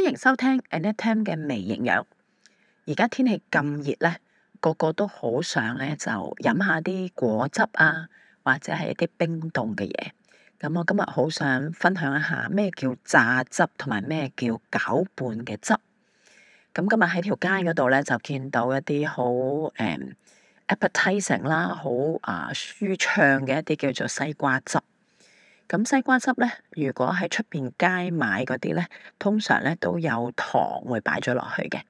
歡迎收聽 Annette Tam 嘅微營養。而家天氣咁熱咧，個個都好想咧就飲下啲果汁啊，或者係一啲冰凍嘅嘢。咁、嗯、我今日好想分享一下咩叫榨汁,汁，同埋咩叫攪拌嘅汁。咁今日喺條街嗰度咧就見到一啲好誒 appetising 啦，好、um, 啊,啊舒暢嘅一啲叫做西瓜汁。咁西瓜汁咧，如果喺出邊街買嗰啲咧，通常咧都有糖會擺咗落去嘅。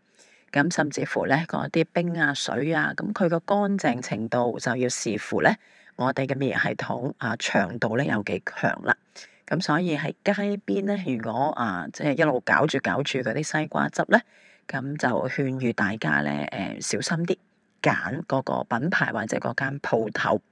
咁甚至乎咧，嗰啲冰啊、水啊，咁佢個乾淨程度就要視乎咧我哋嘅免疫系統啊，長度咧有幾強啦。咁所以喺街邊咧，如果啊，即係一路搞住搞住嗰啲西瓜汁咧，咁就勸喻大家咧，誒小心啲揀嗰個品牌或者嗰間鋪頭。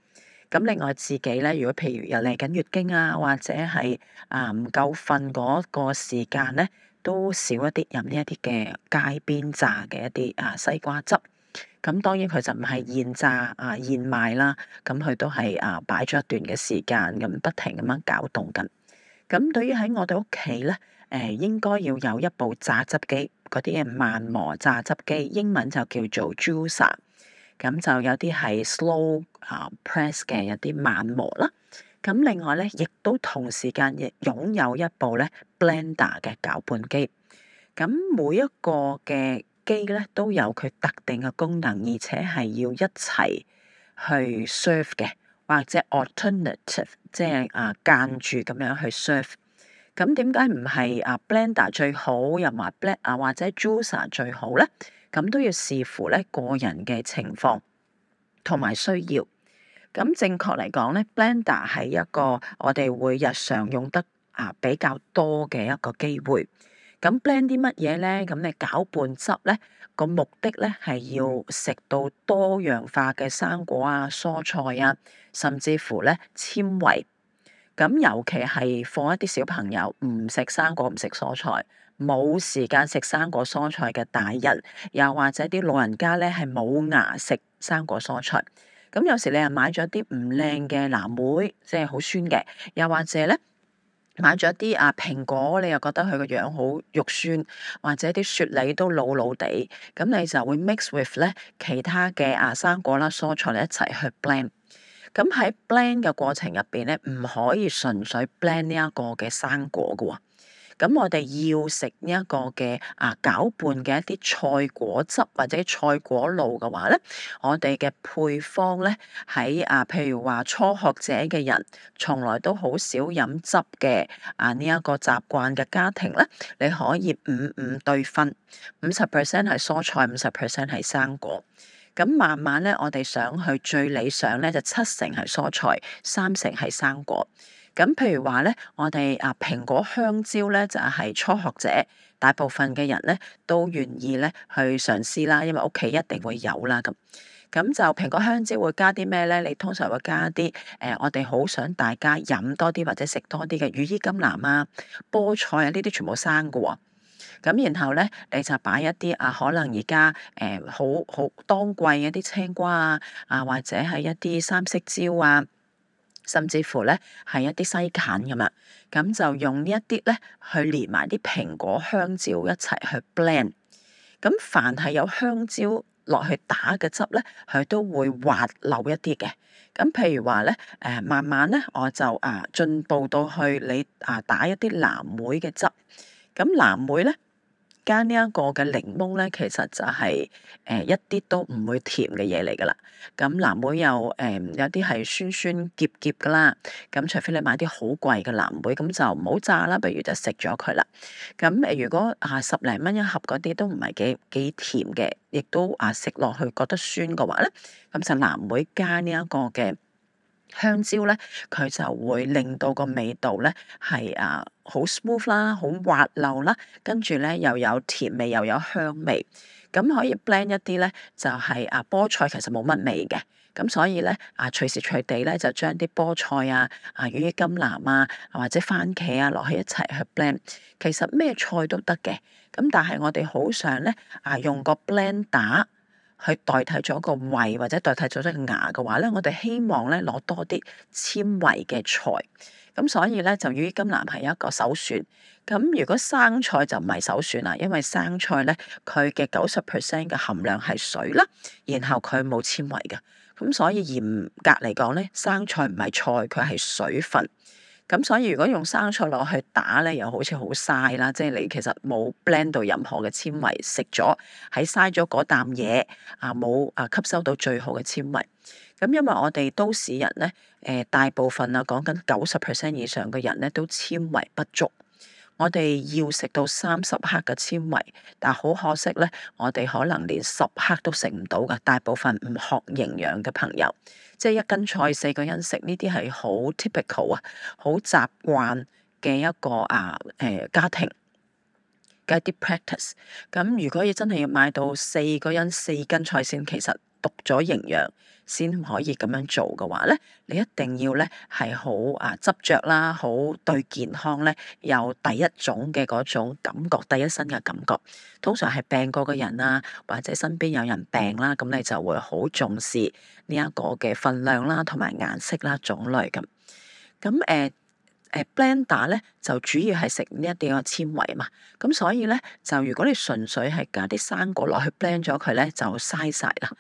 咁另外自己咧，如果譬如又嚟緊月經啊，或者係啊唔夠瞓嗰個時間咧，都少一啲飲呢一啲嘅街邊榨嘅一啲啊西瓜汁。咁當然佢就唔係現榨啊現賣啦，咁佢都係啊擺咗一段嘅時間，咁不停咁樣攪動緊。咁對於喺我哋屋企咧，誒應該要有一部榨汁機，嗰啲嘅慢磨榨汁機，英文就叫做 juicer。咁就有啲係 slow press 嘅，有啲慢磨啦，咁另外咧，亦都同時間亦擁有一部咧 blender 嘅攪拌機。咁每一個嘅機咧都有佢特定嘅功能，而且係要一齊去 serve 嘅，或者 alternative 即係啊間住咁樣去 serve。咁點解唔係啊 Blender 最好，又埋 Black 啊，或者 Juicer 最好咧？咁都要視乎咧個人嘅情況同埋需要。咁正確嚟講咧，Blender 係一個我哋會日常用得啊比較多嘅一個機會。咁 blend 啲乜嘢咧？咁你攪拌汁咧，個目的咧係要食到多樣化嘅生果啊、蔬菜啊，甚至乎咧纖維。咁尤其係放一啲小朋友，唔食生果、唔食蔬菜，冇時間食生果蔬菜嘅大人，又或者啲老人家咧係冇牙食生果蔬菜。咁有時你又買咗啲唔靚嘅藍莓，即係好酸嘅，又或者咧買咗啲啊蘋果，你又覺得佢個樣好肉酸，或者啲雪梨都老老地，咁你就會 mix with 咧其他嘅啊生果啦、蔬菜一齊去 blend。咁喺 blend 嘅過程入邊咧，唔可以純粹 blend 呢一個嘅生果嘅喎。咁我哋要食呢一個嘅啊，攪拌嘅一啲菜果汁或者菜果露嘅話咧，我哋嘅配方咧喺啊，譬如話初學者嘅人，從來都好少飲汁嘅啊呢一個習慣嘅家庭咧，你可以五五對分，五十 percent 係蔬菜，五十 percent 係生果。咁慢慢咧，我哋想去最理想咧，就七成係蔬菜，三成係生果。咁譬如話咧，我哋啊蘋果香蕉咧就係、是、初學者，大部分嘅人咧都願意咧去嘗試啦，因為屋企一定會有啦咁。咁就蘋果香蕉會加啲咩咧？你通常會加啲誒、呃，我哋好想大家飲多啲或者食多啲嘅羽衣甘藍啊、菠菜啊呢啲，全部生嘅咁然後咧，你就擺一啲啊，可能而家誒好好當季嘅啲青瓜啊，啊或者係一啲三色椒啊，甚至乎咧係一啲西芹咁啊。咁就用呢一啲咧去連埋啲蘋果、香蕉一齊去 blend。咁凡係有香蕉落去打嘅汁咧，佢都會滑溜一啲嘅。咁譬如話咧，誒、呃、慢慢咧，我就啊進步到去你啊打一啲藍莓嘅汁。咁藍莓咧～加呢一個嘅檸檬咧，其實就係、是、誒、呃、一啲都唔會甜嘅嘢嚟噶啦。咁藍莓又誒有啲係酸酸澀澀噶啦。咁除非你買啲好貴嘅藍莓，咁就唔好榨啦，不如就食咗佢啦。咁誒如果啊十零蚊一盒嗰啲都唔係幾幾甜嘅，亦都啊食落去覺得酸嘅話咧，咁就藍莓加呢一個嘅香蕉咧，佢就會令到個味道咧係啊好 smooth 啦，好滑溜啦，跟住咧又有甜味又有香味，咁可以 blend 一啲咧就係啊菠菜，其實冇乜味嘅，咁所以咧啊隨時隨地咧就將啲菠菜啊啊羽衣甘藍啊或者番茄啊落去一齊去 blend，其實咩菜都得嘅，咁但係我哋好想咧啊用個 blender 打。去代替咗個胃或者代替咗隻牙嘅話咧，我哋希望咧攞多啲纖維嘅菜，咁所以咧就羽甘藍係一個首選。咁如果生菜就唔係首選啦，因為生菜咧佢嘅九十 percent 嘅含量係水啦，然後佢冇纖維嘅，咁所以嚴格嚟講咧，生菜唔係菜，佢係水分。咁所以如果用生菜攞去打咧，又好似好嘥啦，即係你其實冇 blend 到任何嘅纖維，食咗喺嘥咗嗰啖嘢啊，冇啊吸收到最好嘅纖維。咁、嗯、因為我哋都市人咧，誒、呃、大部分啊講緊九十 percent 以上嘅人咧都纖維不足，我哋要食到三十克嘅纖維，但好可惜咧，我哋可能連十克都食唔到嘅，大部分唔學營養嘅朋友。即係一斤菜四個人食，呢啲係好 typical 啊，好習慣嘅一個啊誒家庭嘅一啲 practice。咁 pract、嗯、如果要真係要買到四個人四斤菜先，其實～讀咗營養先可以咁樣做嘅話咧，你一定要咧係好啊執着啦，好對健康咧有第一種嘅嗰種感覺，第一身嘅感覺。通常係病過嘅人啦，或者身邊有人病啦，咁你就會好重視呢一個嘅份量啦，同埋顏色啦、種類咁。咁誒。呃誒 blender 咧就主要係食呢一啲嘅纖維啊嘛，咁所以咧就如果你純粹係加啲生果落去 blend 咗佢咧，就嘥晒啦。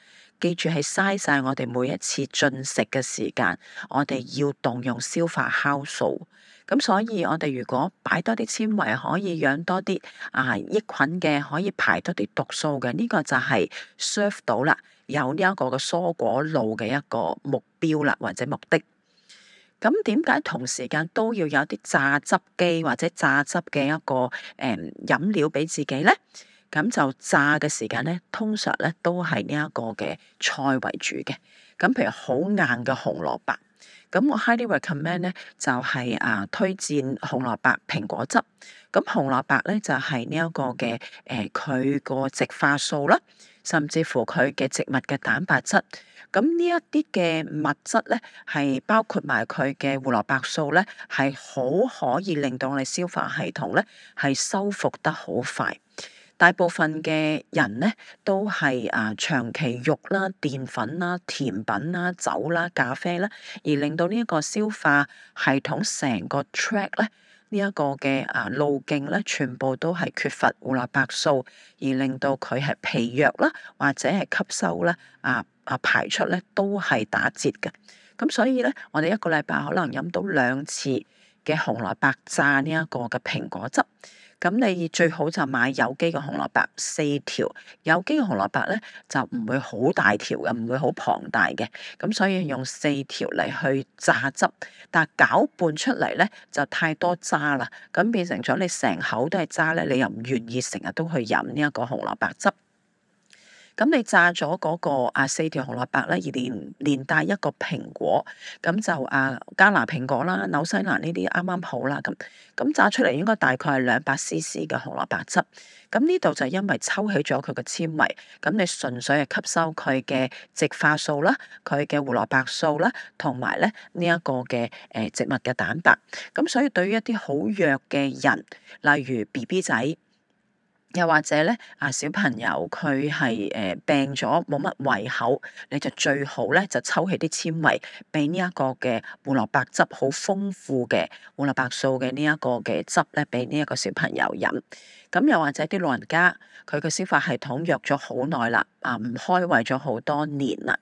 記住係嘥晒我哋每一次進食嘅時間，我哋要動用消化酵素。咁所以我哋如果擺多啲纖維，可以養多啲啊益菌嘅，可以排多啲毒素嘅，呢個就係 serve 到啦，有呢一個嘅蔬果露嘅一個目標啦，或者目的。咁點解同時間都要有啲榨汁機或者榨汁嘅一個誒、嗯、飲料俾自己咧？咁就榨嘅時間咧，通常咧都係呢一個嘅菜為主嘅。咁譬如好硬嘅紅蘿蔔，咁我 highly recommend 咧就係、是、啊推薦紅蘿蔔蘋果汁。咁紅蘿蔔咧就係呢一個嘅誒，佢、呃、個植化素啦，甚至乎佢嘅植物嘅蛋白質。咁呢一啲嘅物質咧，係包括埋佢嘅胡蘿蔔素咧，係好可以令到我哋消化系統咧係修復得好快。大部分嘅人咧都係啊長期肉啦、澱粉啦、甜品啦、酒啦、咖啡啦，而令到呢一個消化系統成個 track 咧。呢一個嘅啊路徑咧，全部都係缺乏胡蘿蔔素，而令到佢係疲弱啦，或者係吸收咧啊啊排出咧都係打折嘅。咁所以咧，我哋一個禮拜可能飲到兩次嘅紅蘿蔔榨呢一個嘅蘋果汁。咁你最好就買有機嘅紅蘿蔔四條，有機嘅紅蘿蔔咧就唔會好大條嘅，唔會好龐大嘅，咁所以用四條嚟去榨汁，但係攪拌出嚟咧就太多渣啦，咁變成咗你成口都係渣咧，你又唔願意成日都去飲呢一個紅蘿蔔汁。咁你榨咗嗰個啊四條紅蘿蔔咧，而連連帶一個蘋果，咁就啊加拿大蘋果啦、紐西蘭呢啲啱啱好啦咁。咁榨出嚟應該大概係兩百 CC 嘅紅蘿蔔汁。咁呢度就因為抽起咗佢嘅纖維，咁你純粹係吸收佢嘅植化素啦、佢嘅胡蘿蔔素啦，同埋咧呢一個嘅誒植物嘅蛋白。咁所以對於一啲好弱嘅人，例如 BB 仔。又或者咧，啊小朋友佢係誒病咗冇乜胃口，你就最好咧就抽起啲纖維，俾呢一個嘅胡蘿蔔汁，好豐富嘅胡蘿蔔素嘅呢一個嘅汁咧，俾呢一個小朋友飲。咁又或者啲老人家佢嘅消化系統弱咗好耐啦，啊唔開胃咗好多年啦。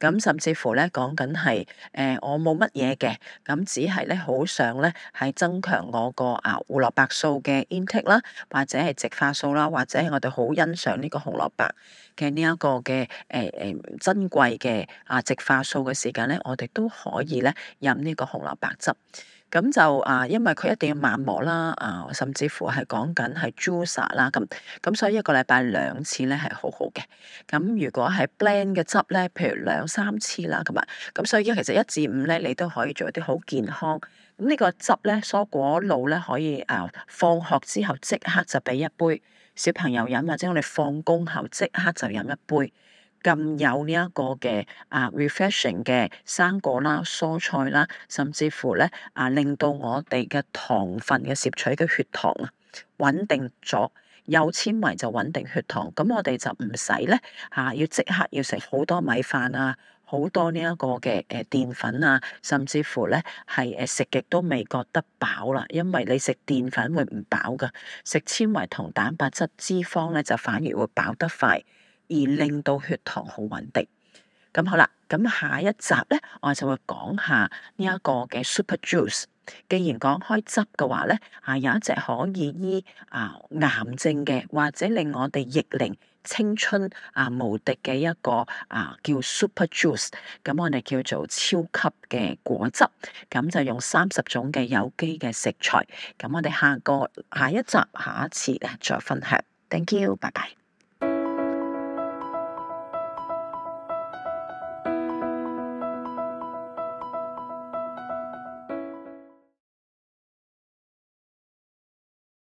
咁甚至乎咧講緊係，誒、呃、我冇乜嘢嘅，咁只係咧好想咧，係增強我個啊胡蘿蔔素嘅 intake 啦，或者係植化素啦，或者係我哋好欣賞呢個紅蘿蔔嘅呢一個嘅誒誒珍貴嘅啊植化素嘅時間咧，我哋都可以咧飲呢個紅蘿蔔汁。咁就啊，因為佢一定要慢磨啦啊，甚至乎係講緊係 juicer 啦咁咁，所以一個禮拜兩次咧係好好嘅。咁如果係 blend 嘅汁咧，譬如兩三次啦咁啊，咁所以其實一至五咧，你都可以做一啲好健康。咁、這、呢個汁咧，蔬果露咧可以啊，放學之後即刻就俾一杯小朋友飲，或者我哋放工後即刻就飲一杯。咁有呢一個嘅啊、uh, refreshing 嘅生果啦、蔬菜啦，甚至乎咧啊，令到我哋嘅糖分嘅攝取嘅血糖啊穩定咗，有纖維就穩定血糖，咁我哋就唔使咧嚇要即刻要食好多米飯啊，好多呢一個嘅誒澱粉啊，甚至乎咧係誒食極都未覺得飽啦，因為你食澱粉會唔飽㗎，食纖維同蛋白質、脂肪咧就反而會飽得快。而令到血糖好穩定，咁好啦。咁下一集咧，我就會講下呢一個嘅 Super Juice。既然講開汁嘅話咧，啊有一隻可以醫啊、呃、癌症嘅，或者令我哋逆齡青春啊、呃、無敵嘅一個啊、呃、叫 Super Juice。咁我哋叫做超級嘅果汁。咁就用三十種嘅有機嘅食材。咁我哋下個下一集下一次再分享。Thank you，拜拜。